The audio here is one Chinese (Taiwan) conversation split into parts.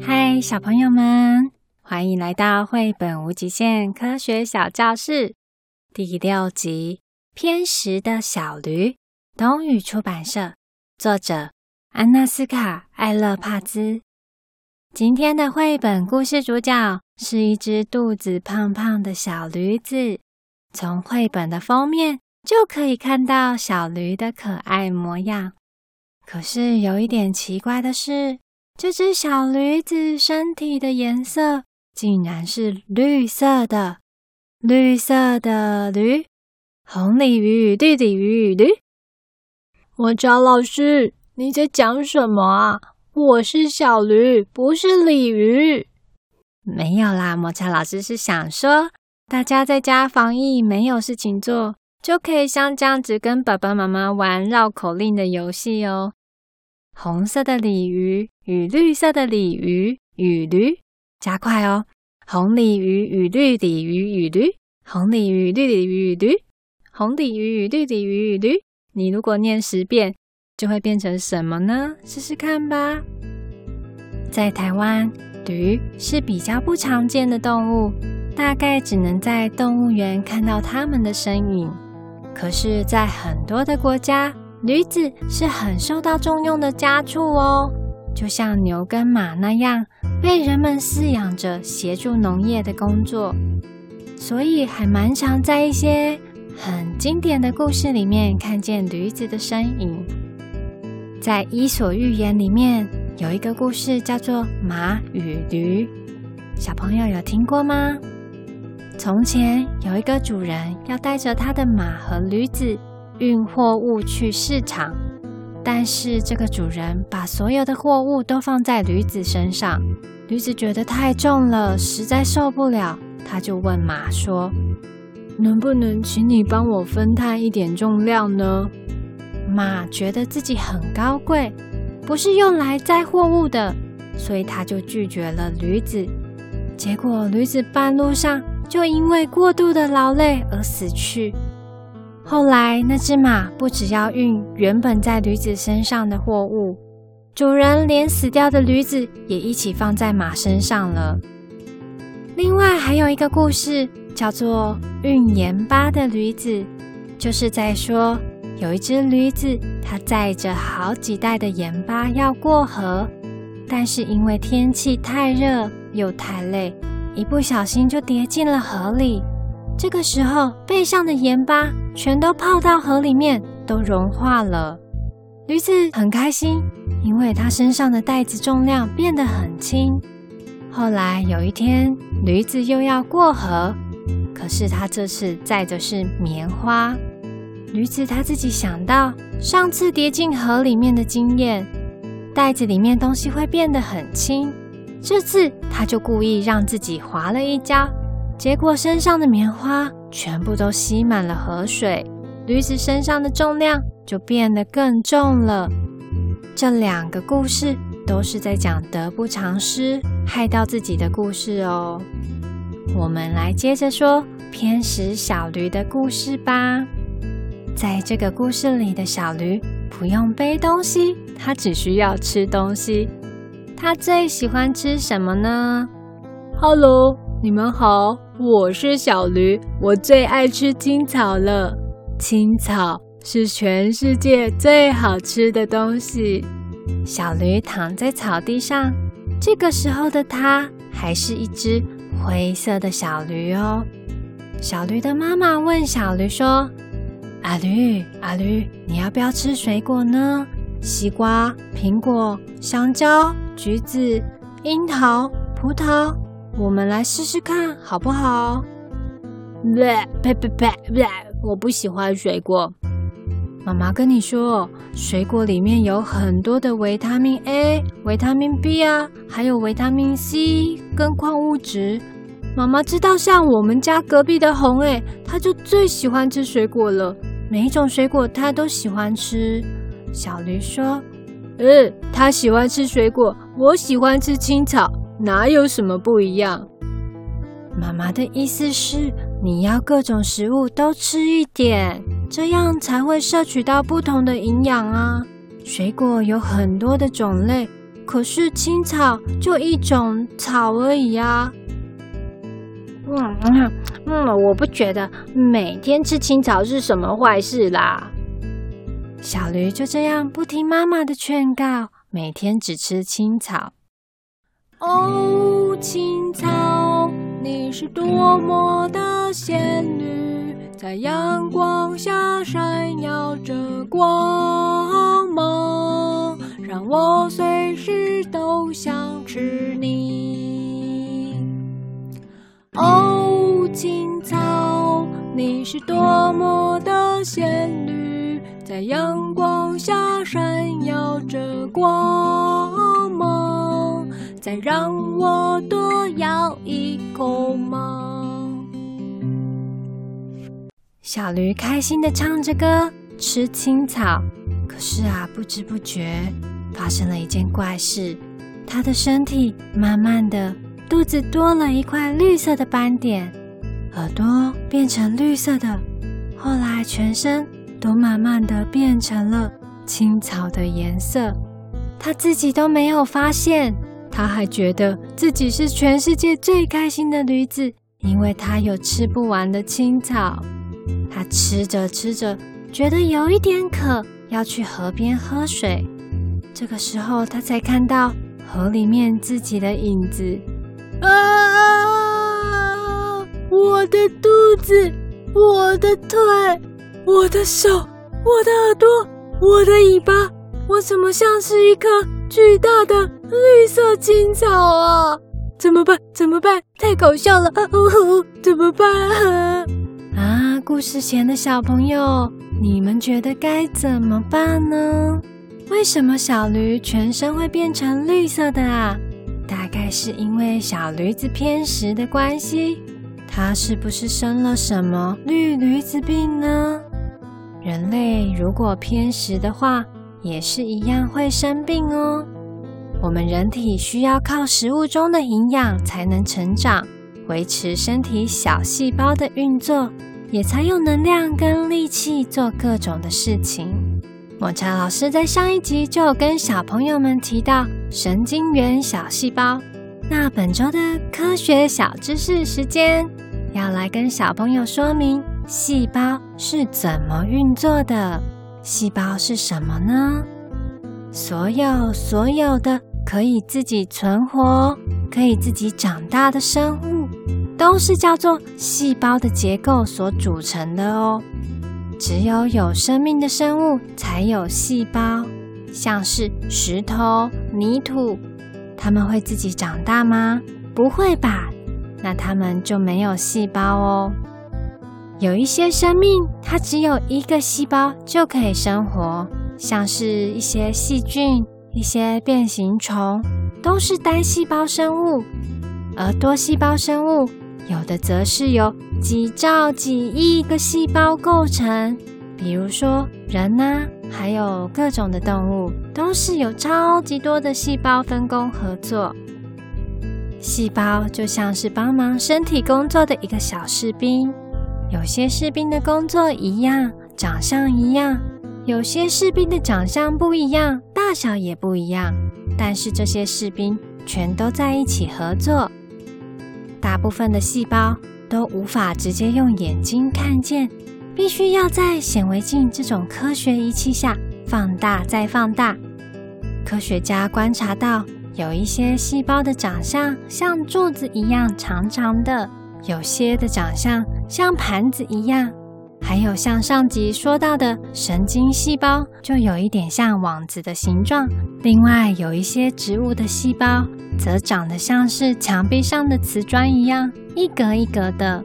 嗨，小朋友們，歡迎來到繪本無極限科學小教室第六集《偏食的小驢》。東雨出版社，作者安娜絲卡·艾勒帕茲。今天的繪本故事主角是一只肚子胖胖的小驢子。從繪本的封面就可以看到小驢的可愛模樣。可是有一點奇怪的是，這只小驢子身體的顏色竟然是綠色的。綠色的驢，紅鯉魚與綠鯉魚與驢。我找老師，你在講什麼啊？我是小驢，不是鯉魚。沒有啦，抹茶老師是想說，大家在家防疫沒有事情做，就可以像這樣子跟爸爸媽媽玩繞口令的遊戲哦。紅色的鯉魚與綠色的鯉魚與驢，加快哦。紅鯉魚與綠鯉魚與驢，紅鯉魚與綠鯉魚與驢，紅鯉魚與綠鯉魚與驢。你如果念十遍。就會變成什麼呢？試試看吧。在台灣，驢是比較不常見的動物，大概只能在動物園看到它們的身影。可是，在很多的國家，驢子是很受到重用的家畜哦，就像牛跟馬那樣，被人們飼養着，協助農業的工作。所以，還蠻常在一些很經典的故事裡面看見驢子的身影。在《伊索寓言》裡面有一個故事，叫做《馬與驢》。小朋友有聽過嗎？從前有一個主人要帶着他的馬和驢子運貨物去市場，但是這個主人把所有的貨物都放在驢子身上，驢子覺得太重了，實在受不了，他就問馬說：“能不能請你幫我分擔一點重量呢？”馬覺得自己很高貴，不是用來載貨物的，所以他就拒絕了驢子。結果驢子半路上就因為過度的勞累而死去。後來那隻馬不只要運原本在驢子身上的貨物，主人連死掉的驢子也一起放在馬身上了。另外還有一個故事叫做《運鹽巴的驢子》，就是在說。有一隻驢子，它載着好幾袋的鹽巴要過河，但是因為天氣太熱又太累，一不小心就跌進了河裡。這個時候，背上的鹽巴全都泡到河裡面，都融化了。驢子很開心，因為它身上的袋子重量變得很輕。後來有一天，驢子又要過河，可是它這次載的是棉花。驢子他自己想到上次跌進河裡面的經驗，袋子裡面東西會變得很輕。這次他就故意讓自己滑了一跤，結果身上的棉花全部都吸滿了河水，驢子身上的重量就變得更重了。這兩個故事都是在講得不償失、害到自己的故事哦。我們來接着說偏食小驢的故事吧。在這個故事裡的小驢不用背東西，它只需要吃東西。它最喜歡吃什麼呢？Hello，你們好，我是小驢，我最愛吃青草了。青草是全世界最好吃的東西。小驢躺在草地上，這個時候的它還是一隻灰色的小驢哦。小驢的媽媽問小驢說，阿綠，阿綠，你要不要吃水果呢？西瓜、蘋果、香蕉、橘子、櫻桃、葡萄，我們來試試看好不好？呸，呸呸呸，呸，我不喜歡水果。媽媽跟你說，水果裡面有很多的維他命 A、維他命 B 啊，還有維他命 C 跟礦物質。媽媽知道，像我們家隔壁的紅哎、欸，她就最喜歡吃水果了。每種水果他都喜歡吃，小驢說：“嗯，他喜歡吃水果，我喜歡吃青草，哪有什麼不一樣？”媽媽的意思是，你要各種食物都吃一點，這樣才會攝取到不同的營養啊。水果有很多的種類，可是青草就一種草而已啊。嗯嗯，我不覺得每天吃青草是什麼壞事啦。小驢就這樣不聽媽媽的勸告，每天只吃青草。哦，青草，你是多麼的鮮綠呀，在陽光下閃耀着光芒，讓我隨時都想吃你。哦，oh, 青草，你是多麼的鮮綠，在陽光下閃耀着光芒。再讓我多咬一口嘛。小驢開心的唱着歌，吃青草。可是啊，不知不覺發生了一件怪事，它的身體慢慢的，肚子多了一塊綠色的斑點，耳朵變成綠色的，後來全身都慢慢的變成了青草的顏色。他自己都沒有發現，他還覺得自己是全世界最開心的驢子，因為他有吃不完的青草。他吃着吃着，覺得有一點渴，要去河邊喝水。這個時候，他才看到河裡面自己的影子。啊！我的肚子，我的腿，我的手，我的耳朵，我的尾巴，我怎麼像是一棵巨大的綠色青草啊？怎麼辦？怎麼辦？太搞笑了啊！哦哦！怎麼辦啊？啊！故事前的小朋友，你們覺得該怎麼辦呢？為什麼小驢全身會變成綠色的啊？大概是因為小驢子偏食的關係，它是不是生了什麼綠驢子病呢？人類如果偏食的話，也是一樣會生病哦。我們人體需要靠食物中的營養才能成長，維持身體小細胞的運作，也才有能量跟力氣做各種的事情。抹茶老師在上一集就有跟小朋友們提到神經元小細胞，那本周的科學小知識時間要來跟小朋友說明細胞是怎麼運作的。細胞是什麼呢？所有所有的可以自己存活、可以自己長大的生物，都是叫做細胞的結構所組成的哦。只有有生命的生物才有細胞，像是石頭、泥土，它們會自己長大嗎？不會吧，那它們就沒有細胞哦。有一些生命，它只有一個細胞就可以生活，像是一些細菌、一些變形蟲，都是單細胞生物，而多細胞生物。有的則是由幾兆、幾億個細胞構成，比如說人吶、啊，還有各種的動物，都是有超級多的細胞分工合作。細胞就像是幫忙身體工作的一個小士兵，有些士兵的工作一樣，長相一樣；有些士兵的長相不一樣，大小也不一樣，但是這些士兵全都在一起合作。大部分的細胞都無法直接用眼睛看見，必須要在顯微鏡這種科學儀器下放大再放大。科學家觀察到，有一些細胞的長相像柱子一樣長長的，有些的長相像，像盤子一樣。還有像上集說到的神經細胞，就有一點像網子的形狀。另外，有一些植物的細胞則長得像是牆壁上的瓷磚一樣，一格一格的。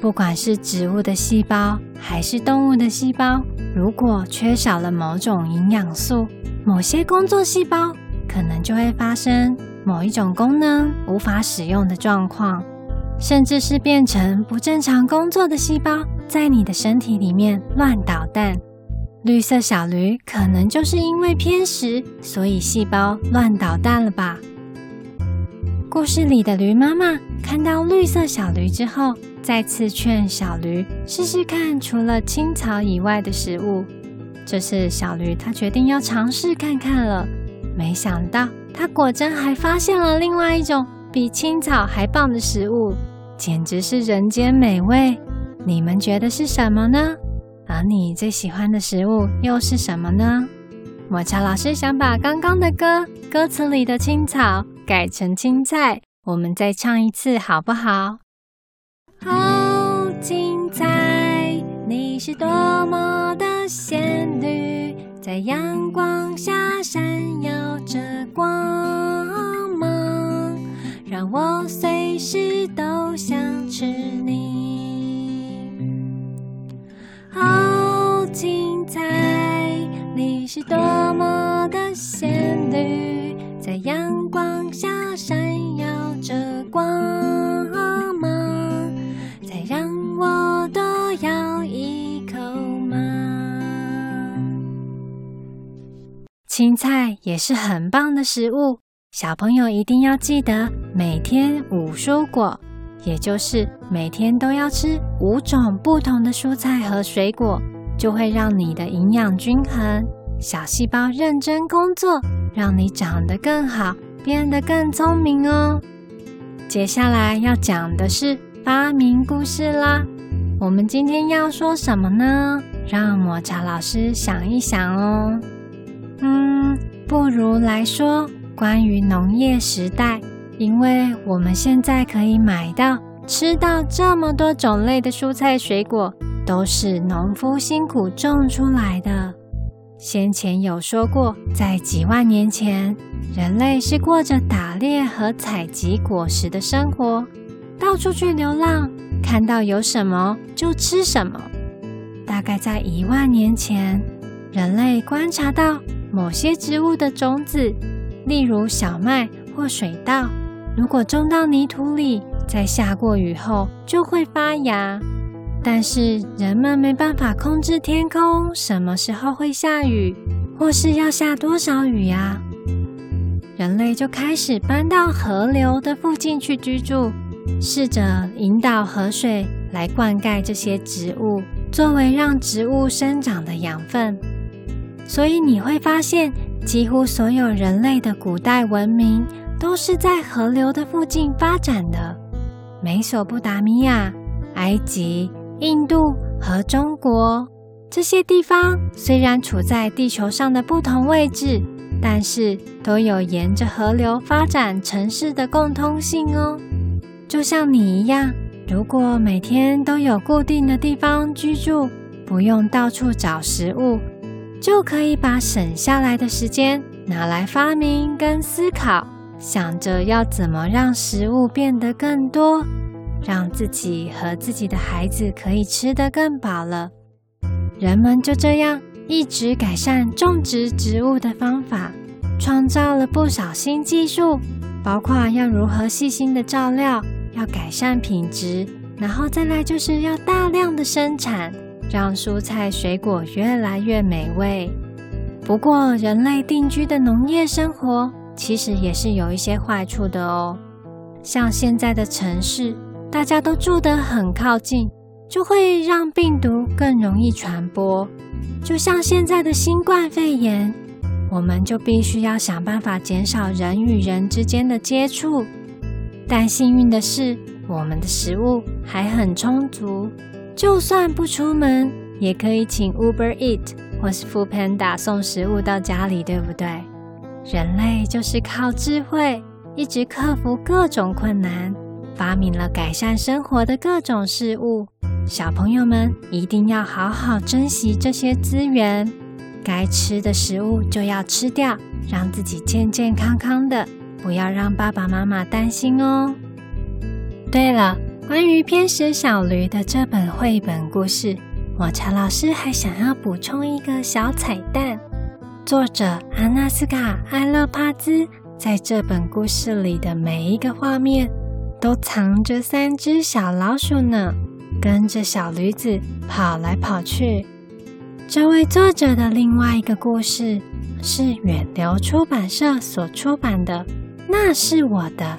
不管是植物的細胞還是動物的細胞，如果缺少了某種營養素，某些工作細胞可能就會發生某一種功能無法使用的狀況，甚至是變成不正常工作的細胞。在你的身體裡面亂搗蛋。綠色小驢可能就是因為偏食，所以細胞亂搗蛋了吧？故事裡的驢媽媽看到綠色小驢之後，再次勸小驢試試看除了青草以外的食物。這次小驢，他決定要嘗試看看了。沒想到，他果真還發現了另外一種比青草還棒的食物，簡直是人間美味。你們覺得是什麼呢？而、啊、你最喜歡的食物又是什麼呢？抹茶老師想把剛剛的歌歌詞裡的青草改成青菜，我們再唱一次好不好？好，青菜，你是多麼的鮮綠，在陽光下閃耀着光芒，讓我隨時都想吃你。是多麼的鮮綠，在陽光下閃耀著光芒，再讓我多咬一口嘛。青菜也是很棒的食物，小朋友一定要記得每天五蔬果，也就是每天都要吃五種不同的蔬菜和水果，就會讓你的營養均衡。小細胞認真工作，讓你長得更好，變得更聰明哦。接下來要講的是發明故事啦。我們今天要說什麼呢？讓抹茶老師想一想哦。嗯，不如來說關於農業時代，因為我們現在可以買到、吃到這麼多種類的蔬菜水果，都是農夫辛苦種出來的。先前有說過，在幾萬年前，人類是過着打獵和採集果實的生活，到處去流浪，看到有什麼就吃什麼。大概在一萬年前，人類觀察到某些植物的種子，例如小麥或水稻，如果種到泥土裡，在下過雨後就會發芽。但是人們沒辦法控制天空什麼時候會下雨，或是要下多少雨呀、啊？人類就開始搬到河流的附近去居住，試着引導河水來灌溉這些植物，作為讓植物生長的養分。所以你會發現，幾乎所有人類的古代文明都是在河流的附近發展的。美索不達米亞、埃及。印度和中國這些地方雖然處在地球上的不同位置，但是都有沿着河流發展城市的共通性哦。就像你一樣，如果每天都有固定的地方居住，不用到處找食物，就可以把省下來的時間拿來發明跟思考，想着要怎麼讓食物變得更多。讓自己和自己的孩子可以吃得更飽了。人們就這樣一直改善種植植物的方法，創造了不少新技術，包括要如何細心的照料，要改善品質，然後再來就是要大量的生產，讓蔬菜水果越來越美味。不過，人類定居的農業生活其實也是有一些壞處的哦，像現在的城市。大家都住得很靠近，就會讓病毒更容易傳播。就像現在的新冠肺炎，我們就必須要想辦法減少人與人之間的接觸。但幸運的是，我們的食物還很充足，就算不出門，也可以請 Uber Eat 或是 Food Panda 送食物到家裡，對不對？人類就是靠智慧，一直克服各種困難。發明了改善生活的各種事物，小朋友們一定要好好珍惜這些資源。該吃的食物就要吃掉，讓自己健健康康的，不要讓爸爸媽媽擔心哦。對了，關於偏食小驢的這本繪本故事，抹茶老師還想要補充一個小彩蛋。作者安娜絲卡‧艾勒帕茲在這本故事裡的每一個畫面，都藏着三隻小老鼠呢，跟着小驢子跑來跑去。這位作者的另外一個故事是遠流出版社所出版的，那是我的，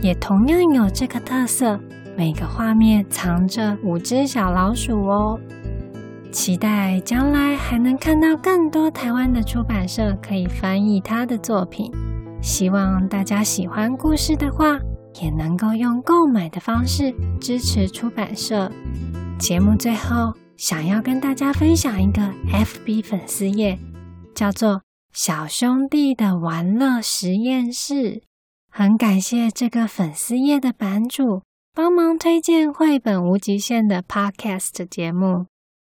也同樣有這個特色。每個畫面藏着五隻小老鼠哦。期待將來還能看到更多台灣的出版社可以翻譯他的作品。希望大家喜歡故事的話，也能夠用購買的方式支持出版社。節目最後想要跟大家分享一個 FB 粉絲頁，叫做“小兄弟的玩樂實驗室”。很感謝這個粉絲頁的版主幫忙推薦繪本無極限的 Podcast 節目。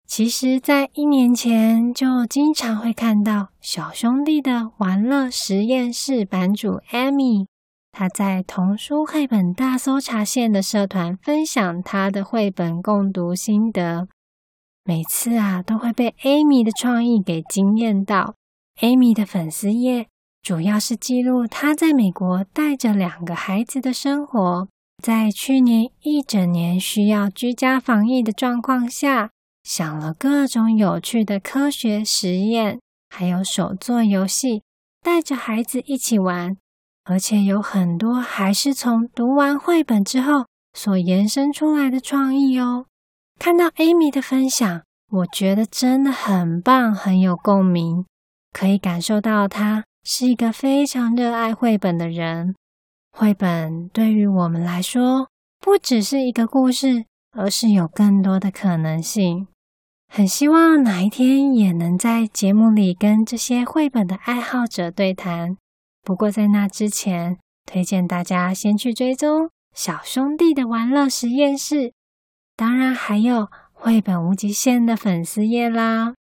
其實，在一年前就經常會看到“小兄弟的玩樂實驗室”版主 Amy。他在童書繪本大搜查線的社團分享他的繪本共讀心得，每次啊都會被 Amy 的創意給驚艷到。Amy 的粉絲頁主要是記錄她在美國帶着兩個孩子的生活，在去年一整年需要居家防疫的狀況下，想了各種有趣的科學實驗，還有手作遊戲，帶着孩子一起玩。而且有很多還是從讀完繪本之後所延伸出來的創意哦。看到 Amy 的分享，我覺得真的很棒，很有共鳴，可以感受到他是一個非常熱愛繪本的人。繪本對於我們來說，不只是一個故事，而是有更多的可能性。很希望哪一天也能在節目裡跟這些繪本的愛好者對談。不過，在那之前，推薦大家先去追蹤小兄弟的玩樂實驗室，當然還有繪本無極限的粉絲頁啦。